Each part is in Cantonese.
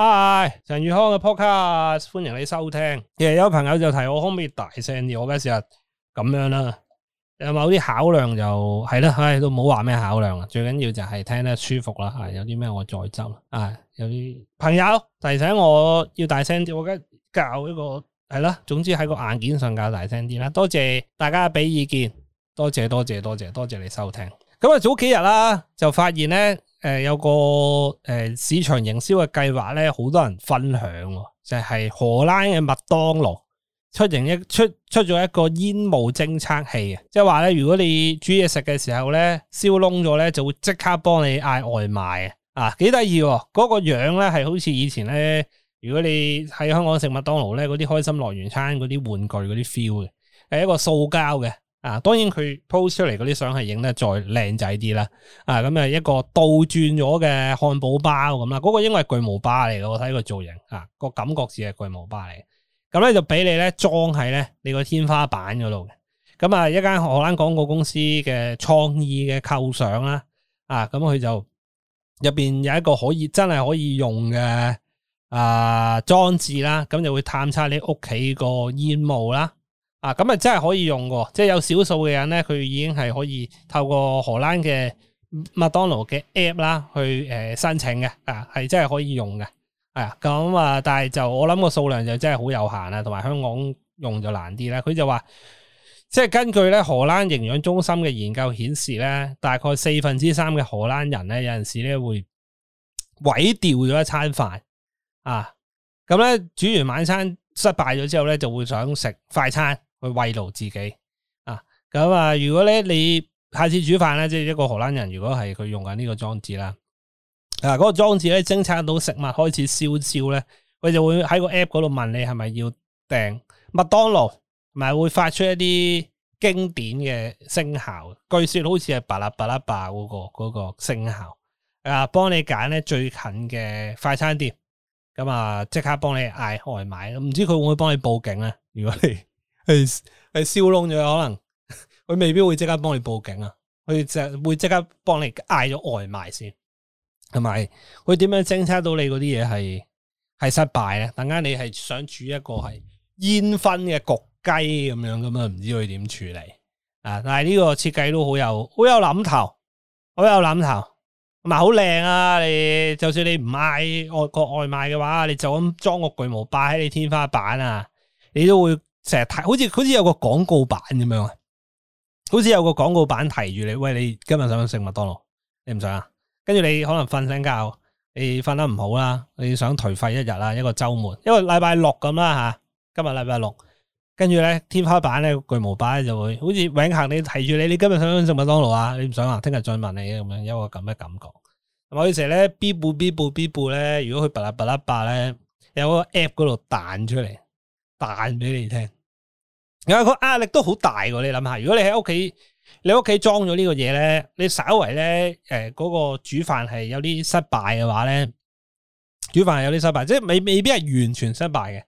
Hi，陳宇康嘅 Podcast，歡迎你收聽。其實有朋友就提我可唔可以大聲啲，我嗰時啊咁樣啦。有某啲考量就係啦，唉，都冇話咩考量啊。最緊要就係聽得舒服啦。係有啲咩我再斟。啊，有啲朋友提醒我要大聲啲，我而家教一個係啦。總之喺個硬件上教大聲啲啦。多謝大家畀意見，多謝多謝多謝多謝你收聽。咁早幾日、啊、就發現呢誒、呃，有個誒、呃、市場營銷嘅計劃咧，好多人分享、哦，就係、是、荷蘭嘅麥當勞出營一出出咗一個煙霧偵測器，即係話咧，如果你煮嘢食嘅時候咧，燒燶咗咧，就會即刻幫你嗌外賣啊，幾得意。嗰、那個樣咧係好似以前咧，如果你喺香港食麥當勞咧，嗰啲開心樂園餐嗰啲玩具嗰啲 feel 嘅，係一個塑膠嘅。啊，當然佢 post 出嚟嗰啲相係影得再靚仔啲啦。啊，咁啊一個倒轉咗嘅漢堡包咁啦，嗰、嗰個應該係巨無霸嚟嘅，我睇個造型啊個、啊、感覺似係巨無霸嚟。咁、啊、咧就俾你咧裝喺咧你個天花板嗰度嘅。咁啊，一間荷蘭廣告公司嘅創意嘅構想啦。啊，咁佢就入邊有一個可以真係可以用嘅啊裝置啦，咁就會探測你屋企個煙霧啦。啊，咁啊真係可以用嘅，即係有少數嘅人咧，佢已經係可以透過荷蘭嘅麥當勞嘅 app 啦，去誒申請嘅，啊係真係可以用嘅，啊，咁啊，但係就我諗個數量就真係好有限啦，同埋香港用就難啲啦。佢就話，即係根據咧荷蘭營養中心嘅研究顯示咧，大概四分之三嘅荷蘭人咧，有陣時咧會毀掉咗一餐飯，啊，咁咧煮完晚餐失敗咗之後咧，就會想食快餐。去慰勞自己啊！咁啊，如果咧你下次煮飯咧，即係一個荷蘭人，如果係佢用緊、啊那個、呢個裝置啦，嗱，嗰個裝置咧偵察到食物開始燒焦咧，佢就會喺個 app 嗰度問你係咪要訂麥當勞，同埋會發出一啲經典嘅聲效，據說好似係巴拉巴拉巴嗰個嗰、那個聲效啊，幫你揀咧最近嘅快餐店，咁啊即刻幫你嗌外賣。唔知佢會唔會幫你報警咧？如果你係係燒窿咗，可能佢未必會即刻幫你報警啊！佢即會即刻幫你嗌咗外賣先，同埋佢點樣偵測到你嗰啲嘢係係失敗咧？等間你係想煮一個係煙熏嘅焗雞咁樣咁啊？唔知佢點處理啊？但係呢個設計都好有好有諗頭，好有諗頭，同埋好靚啊！你就算你唔嗌外個外賣嘅話，你就咁裝個巨無霸喺你天花板啊，你都會。成日睇好似好似有個廣告板咁樣啊，好似有個廣告板提住你，喂，你今日想唔想食麥當勞？你唔想啊？跟住你可能瞓醒覺，你瞓得唔好啦，你想頹廢一日啦，一個周末，因為禮拜六咁啦吓，今日禮拜六，跟住咧天花板咧巨無霸咧就會好似永恆，你提住你，你今日想唔想食麥當勞啊？你唔想啊？聽日再問你咁樣，有個咁嘅感覺。同埋佢成日咧 B 部 B 部 B 部咧，如果佢巴啦巴啦巴咧，有個 app 嗰度彈出嚟彈俾你聽。有個壓力都好大嘅，你諗下，如果你喺屋企，你屋企裝咗呢個嘢咧，你稍為咧，誒、呃，嗰、嗰個煮飯係有啲失敗嘅話咧，煮飯係有啲失敗，即係未未必係完全失敗嘅，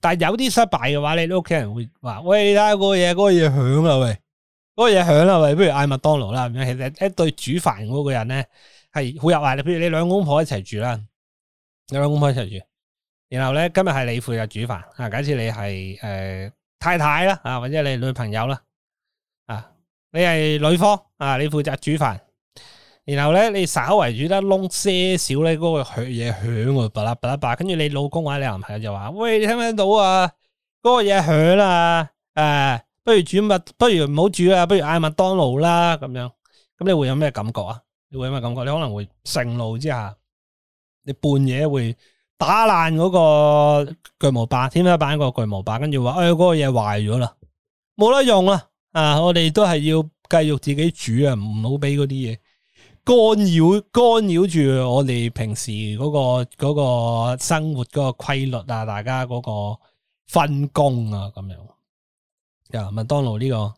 但係有啲失敗嘅話，你屋企人會話，喂，你睇下個嘢，嗰個嘢響啊喂，嗰個嘢響啊喂，不如嗌麥當勞啦，咁樣其實一對煮飯嗰個人咧係好有壓力，你譬如你兩公婆一齊住啦，你兩公婆一齊住，然後咧今日係你負責煮飯啊，假設你係誒。呃太太啦，啊或者你女朋友啦，啊你係女方啊，你負責煮飯，然後咧你稍為煮得窿些少咧，嗰個血嘢響個巴拉巴拉巴，跟住你老公或者你男朋友就話喂，你聽唔聽到啊？嗰個嘢響啊，誒，不如煮乜，不如唔好煮啊，不如嗌麥當勞啦咁樣，咁你會有咩感覺啊？你會有咩感覺？你可能會盛怒之下，你半夜會。打爛嗰個巨無霸，天花板個巨無霸，跟住話誒嗰個嘢壞咗啦，冇得用啦！啊，我哋都係要繼續自己煮啊，唔好俾嗰啲嘢干擾干擾住我哋平時嗰、嗰個、嗰個生活嗰個規律啊，大家嗰個分工啊咁樣。又麥當勞呢個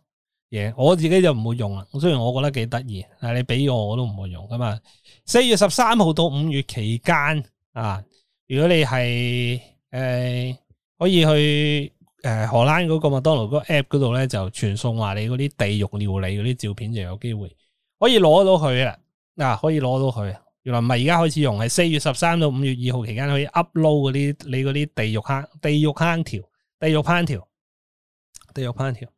嘢，我自己就唔會用啦。雖然我覺得幾得意，但你俾我我都唔會用㗎嘛。四月十三號到五月期間啊。如果你係誒、呃、可以去誒、呃、荷蘭嗰個麥當勞嗰個 app 嗰度咧，就傳送話你嗰啲地獄料理嗰啲照片就有機會可以攞到佢啊嗱，可以攞到佢，原來唔係而家開始用，係四月十三到五月二號期間可以 upload 啲你嗰啲地獄坑條地獄烹調地獄烹調地獄烹調。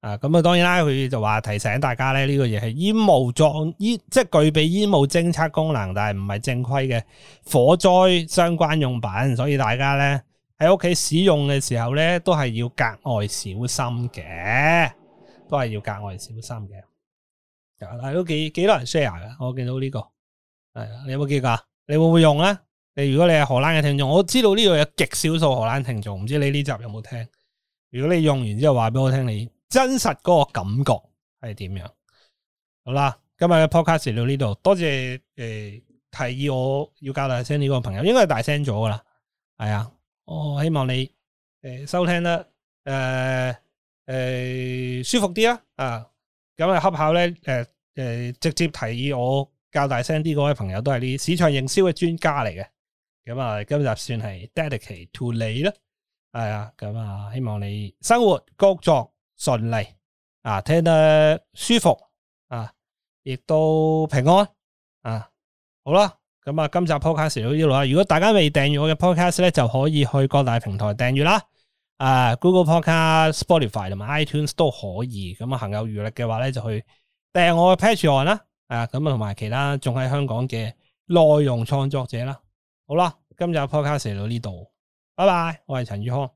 啊，咁、嗯、啊，當然啦，佢就話提醒大家咧，呢、這個嘢係煙霧狀煙，即係具備煙霧偵測功能，但係唔係正規嘅火災相關用品，所以大家咧喺屋企使用嘅時候咧，都係要格外小心嘅，都係要格外小心嘅。啊，睇幾幾多人 share 噶，我見到呢、這個係，你有冇記過？你會唔會用咧？你如果你係荷蘭嘅聽眾，我知道呢度有極少數荷蘭聽眾，唔知你呢集有冇聽？如果你用完之後話俾我聽你。真實嗰個感覺係點樣？好啦，今日嘅 podcast 就到呢度，多謝誒、呃、提議我，我要較大聲呢個朋友，應該係大聲咗噶啦，係啊，我、哦、希望你誒、呃、收聽啦，誒、呃、誒、呃、舒服啲啊，啊咁啊，恰巧咧，誒、呃、誒、呃、直接提議我較大聲啲嗰位朋友都係呢市場營銷嘅專家嚟嘅，咁啊今日算係 dedicate to 你啦，係啊，咁啊、嗯、希望你生活工作。順利啊，聽得舒服啊，亦都平安啊，好啦，咁啊，今集 Podcast 到呢度啦。如果大家未訂閱我嘅 Podcast 咧，就可以去各大平台訂閱啦。啊，Google Podcast、Spotify 同埋 iTunes 都可以。咁啊，行有餘力嘅話咧，就去訂閱我嘅 Patreon 啦。啊，咁啊，同埋其他仲喺香港嘅內容創作者啦。好啦，今集 Podcast 就到呢度，拜拜。我係陳宇康。